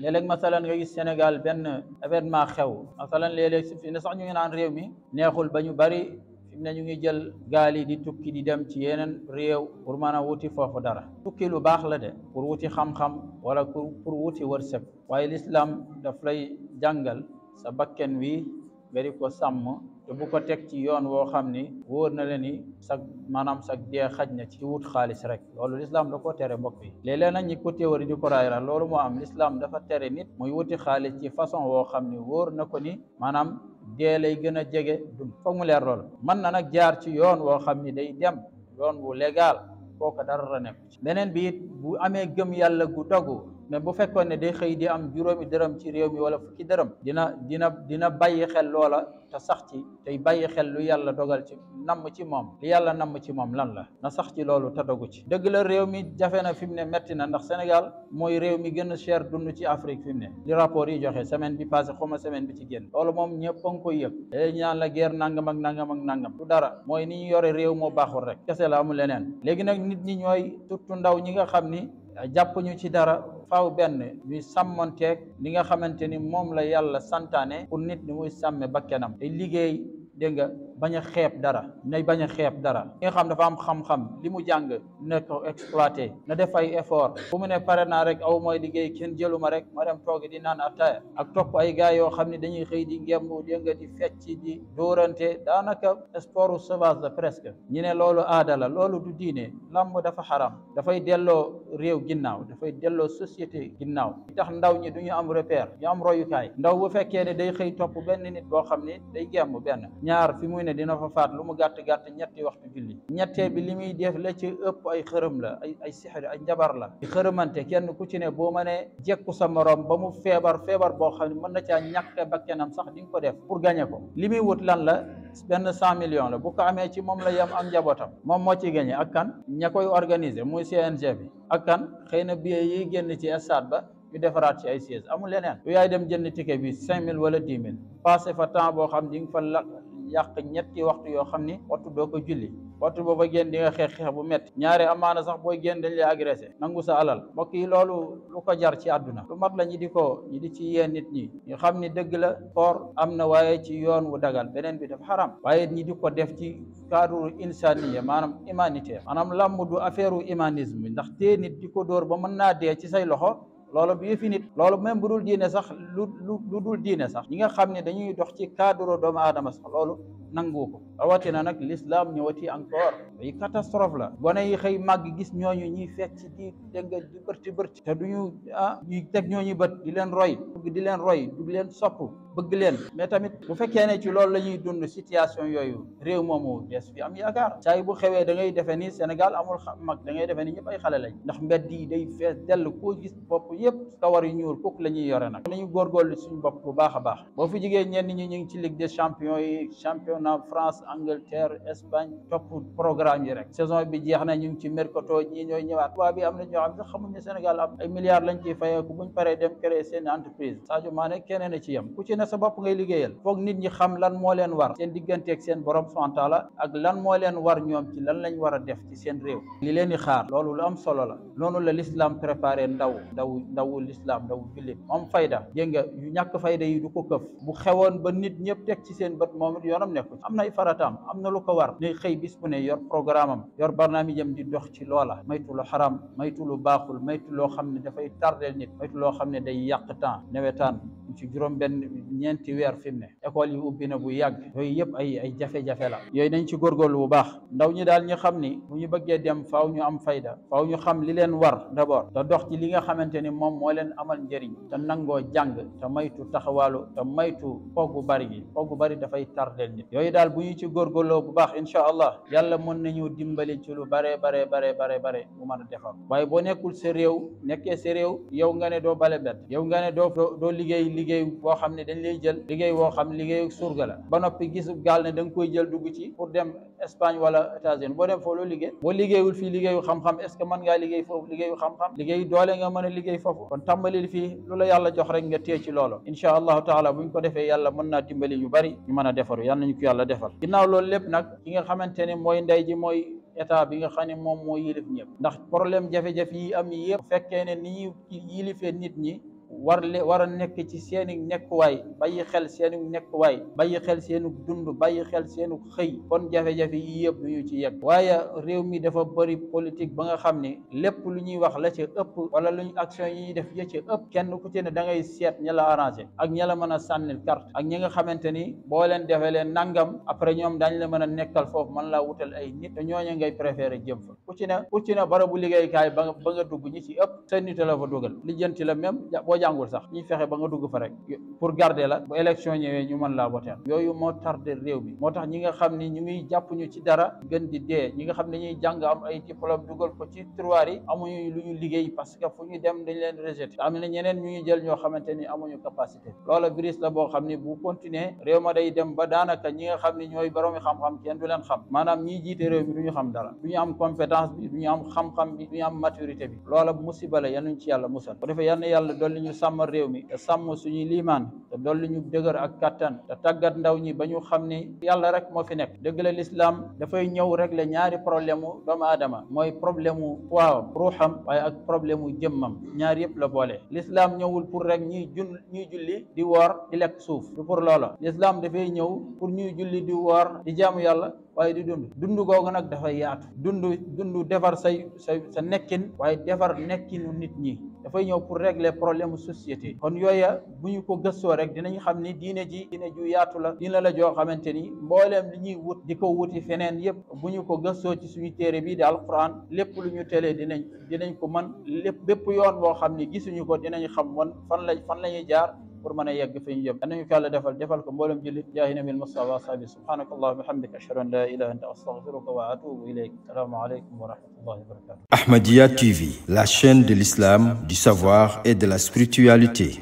léeg-léeg masalan nga gis Sénégal benn événement xew masalan léeg-léeg su fi ne sax ñu ngi naan réew mi neexul ba ñu bari fi mu ne ñu ngi jël gaal yi di tukki di dem ci yeneen réew pour mën a wuti foofu dara tukki lu baax la de pour wuti xam-xam wala pour pour wuti wërsëg waaye lislaam daf lay jàngal sa bakken wi nga di ko sàmm te bu ko teg ci yoon woo xam ni wóor na leen ni sag maanaam sag dee xaj na ci wut xaalis rek loolu lislaam da ko tere mbokk yi léeg-léeg nag ñi ko téewari di ko raay ra loolu moo am lislaam dafa tere nit muy wuti xaalis ci façon woo xam ni wóor na ko ni maanaam dee lay gën a jege du foog mu leer loolu mën na nag jaar ci yoon woo xam ni day dem yoon bu légal kooku dara nekk beneen bi it bu amee gëm yàlla gu dogu mais bu fekkoon ne day xëy di am juróomi dërëm ci réew mi wala fukki dërëm dina dina dina bàyyi xel loola te sax ci tey bàyyi xel lu yàlla dogal ci namm ci moom li yàlla namm ci moom lan la na sax ci loolu te dogu ci dëgg la réew mi jafe na fi mu ne metti na ndax Sénégal mooy réew mi gën a dund ci Afrique fi mu ne li rapport yi joxe semaine bi passé xuma semaine bi ci génn loolu moom ñëpp a ngi koy yëg léeg ñaan la guerre nangam ak nangam ak nangam du dara mooy ni ñu réew moo baaxul rek kese la amul ni jàppuñu ci dara faw benn ñuy sàmmoonteeg li nga xamante ni moom la yàlla santaane pour nit ni muy sàmme kenam ay liggéey dégg nga bañ a xeeb dara nay bañ a xeeb dara ki xam dafa am xam-xam li mu jàng na ko exploité na def ay effort bu mu ne pare naa rek aw mooy liggéey kenn jëlu ma rek ma dem toogi di naan attaya ak topp ay gars yoo xam ne dañuy xëy di ngemb dégg nga di fecc di dóorante daanaka sportu sauvage la presque ñu ne loolu aadala loolu du diine làmb dafa xaram dafay delloo réew ginnaaw dafay delloo société ginnaaw tax ndaw ñi du ñu am repère ñu am royukaay ndaw bu fekkee ne day xëy topp benn nit boo xam ne day gemb benn ñaar fi muy ne dina fa faat lu mu gàtt gàtt ñetti waxtu julli ñette bi li def la ci ëpp ay xërëm la ay ay sihr ay njabar la ci xërëmante kenn ku ci ne bo mané jekku sa morom ba mu febar febar bo xamni mën na caa ñàkk bakkanam sax di nga ko def pour gagner ko li wut lan la ben 100 millions la bu ko amé ci mom la yam am njabotam mom mo ci gagner ak kan ñakoy organiser muy CNG bi ak kan xeyna na yi génn ci stade ba ñu defaraat ci ay siège amul leneen. yaay dem jënd ticket bi 5000 wala 10000 passé fa temps bo xam di nga fa yàq ñetti waxtu yoo xam ni waxtu doo ko julli waxtu booba génn di nga xeex xeex bu métti ñaare amaana sax booy génn dañ lay agressé nangu sa alal mbokk yi loolu lu ko jar ci àdduna lu mat la ñi di ko ñi di ci yee nit ñi ñu xam ni dëgg la koor am na waaye ci yoon wu dagal beneen bi dafa xaram waaye ñi di ko def ci cadre insaniya maanaam humanitaire maanaam làmb du affaire u humanisme ndax tee nit di ko dóor ba mën naa dee ci say loxo loolu bu yëfi loolu même bu dul diine sax lu lu dul diine sax ñi nga xam ne dañuy dox ci cadre doomu aadama sax loolu nangu ko rawatina nag l'islam ñëwati encore ay catastrophe la gone xëy màgg gis ñooñu ñuy fecc di dégg di bërti bërti te ñu ah ñuy teg ñooñu bët di leen roy bëgg di leen roy du leen sopp bëgg leen mais tamit bu fekkee ne ci loolu la ñuy dund situation yooyu réew moomu des fi am yaakaar saa bu xewee da ngay defee ni Sénégal amul mag da ngay defee ni ñëpp ay xale lañ ndax yëpp kawar yu ñuul kuk la ñuy yore nag nañu góorgóorlu suñu bopp bu baax a baax boo fi jigéen ñenn ñi ñu ci ligue des champions yi championnat France Angleterre Espagne topp programme yi rek saison bi jeex na ñu ngi ci mercato ñii ñooy ñëwaat waa bi am na ñoo xam ne xamuñ ne Sénégal am ay milliards lañ ciy fayeeku buñ paree dem créer seen entreprise Sadio Mané keneen a ci yem ku ci ne sa bopp ngay liggéeyal foog nit ñi xam lan moo leen war seen digganteeg seen borom santaala ak lan moo leen war ñoom ci lan lañ war a def ci seen réew li leen di xaar loolu lu am solo la noonu la l'islam préparé ndaw ndaw ndawu lislaam ndawu jullit moom fayda dégg nga yu ñàkk fayda yi du ko këf bu xewoon ba nit ñëpp teg ci seen bët moom it yoonam nekku am nay farataam am na lu ko war ne xëy bis bu ne yor programme am yor barnaamijam di dox ci loola maytu lu xaram maytu lu baaxul maytu loo xam ne dafay tardeel nit maytu loo xam ne day yàq temps nawetaan ci juróom benn ñeenti weer fi mu ne école yi ubbi na bu yàgg yooyu yëpp ay ay jafe-jafe la yooyu nañ ci góorgóorlu bu baax ndaw ñi daal ñu xam ni bu ñu bëggee dem faw ñu am fayda faw ñu xam li leen war d'abord te dox ci li nga xamante ni moom moo leen amal njariñ te nangoo jàng te maytu taxawaalu te maytu poggu bari gi poggu bari dafay tardeel nit yooyu daal bu ñu ci góorgóorloo bu baax incha allah yàlla mën nañu dimbali ci lu bare bare bare bare bare bu mën a defar waaye boo nekkul sa réew nekkee sa réew yow nga ne doo bale wo boo xam ne dañ lay jël liggéey boo xam liggéey surga la ba noppi gisub gaal ne da nga koy jël dugg ci pour dem Espagne wala États-Unis boo dem foofu loo liggéey boo liggéeyul fii liggéeyu xam-xam est-ce que mën ngaa liggéey foofu liggéeyu xam-xam liggéey doole nga mën a liggéey foofu la yàlla jox rek nga téye ci loolu insha allahu taala bu ñu ko defee yàlla mën naa dimbali ñu bari ñu a defaru yàlla nañu ko yàlla defal ginnaaw loolu lépp nag ki nga xamante ne mooy ndey ji mooy état bi nga xam ne moom moo yilif ñëpp ndax yi am yi yëpp fekkee ne nit ñi war le war a nekk ci seeni nekkuwaay bàyyi xel seeni nekkuwaay bàyyi xel seenu dund bàyyi xel seenu xëy kon jafe-jafe yi yëpp du ñu ci yegg waaye réew mi dafa bëri politique ba nga xam ne lépp lu ñuy wax la ca ëpp wala lu ñu action yi ñuy def ya ca ëpp kenn ku ci ne da ngay seet ña la arrangé ak ña la mën a sànni carte ak ñi nga xamante ni boo leen defee leen nangam après ñoom daañ la mën a nekkal foofu man laa wutal ay nit te ñooñu ngay préféré jëm fa ku ci ne ku ci ne barabu liggéeykaay ba ba nga dugg ñi ci ëpp sa nit la fa ko jàngul sax ñi fexe ba nga dugg fa rek pour garder la bu élection ñëwee ñu mën laa boteel yooyu moo tardé réew mi moo tax ñi nga xam ni ñu ngi jàpp ñu ci dara gën di dee ñi nga xam ne ñuy jàng ay diplôme dugal ko ci yi amuñu lu ñu liggéey parce que fu ñu dem dañ leen rejeté am na ñeneen ñu ñu jël ñoo xamante ni amuñu capacité loola virus la boo xam ni bu continuer réew ma day dem ba daanaka ñi nga xam ni ñooy boroomi xam-xam kenn du leen xam maanaam ñiy jiite réew mi du ñu xam dara du ñu am compétence bi du ñu am xam-xam bi du ñu am maturité bi loola musiba la yanuñ ci yàlla musal bu defee yal yàlla ñu sàmm réew mi te sàmm suñuy liimaan te dolli ñu dëgër ak kattan te tàggat ndaw ñi ba ñu xam ni yàlla rek moo fi nekk dëgg la lislaam dafay ñëw la ñaari problème mu doomu aadama mooy problème mu poids ruuxam waaye ak problème mu jëmmam ñaar yëpp la boole lislaam ñëwul pour rek ñuy jun ñuy julli di woor di lekk suuf du pour loola lislaam dafay ñëw pour ñuy julli di woor di jaamu yàlla waaye di dund dund googu nag dafay yaatu dund dund defar say say sa nekkin waaye defar nekkinu nit ñi dafay ñëw pour régler problème société kon yooya bu ñu ko gëstoo rek dinañ xam ni diine ji diine ju yaatu la diine la joo xamante ni mbooleem li ñuy wut di ko wuti feneen yépp bu ñu ko gëstoo ci suñu téere bi di alquran lépp lu ñu telee dinañ dinañ ko man lépp bépp yoon boo xam ni gisuñu ko dinañ xam wan fan la fan la ñuy jaar pour mën a yegg fi ñu jëm yal nañu ko yàlla defal defal ko mboolem jullit jaahi nabil mustafa wa sahbi subhanaka allahumma bihamdika ashhadu an la ilaha anta astaghfiruka wa atubu ilayk assalamu alaykum wa rahmatullahi wa barakatuh Ahmadiyya TV la chaîne de l'islam du savoir et de la spiritualité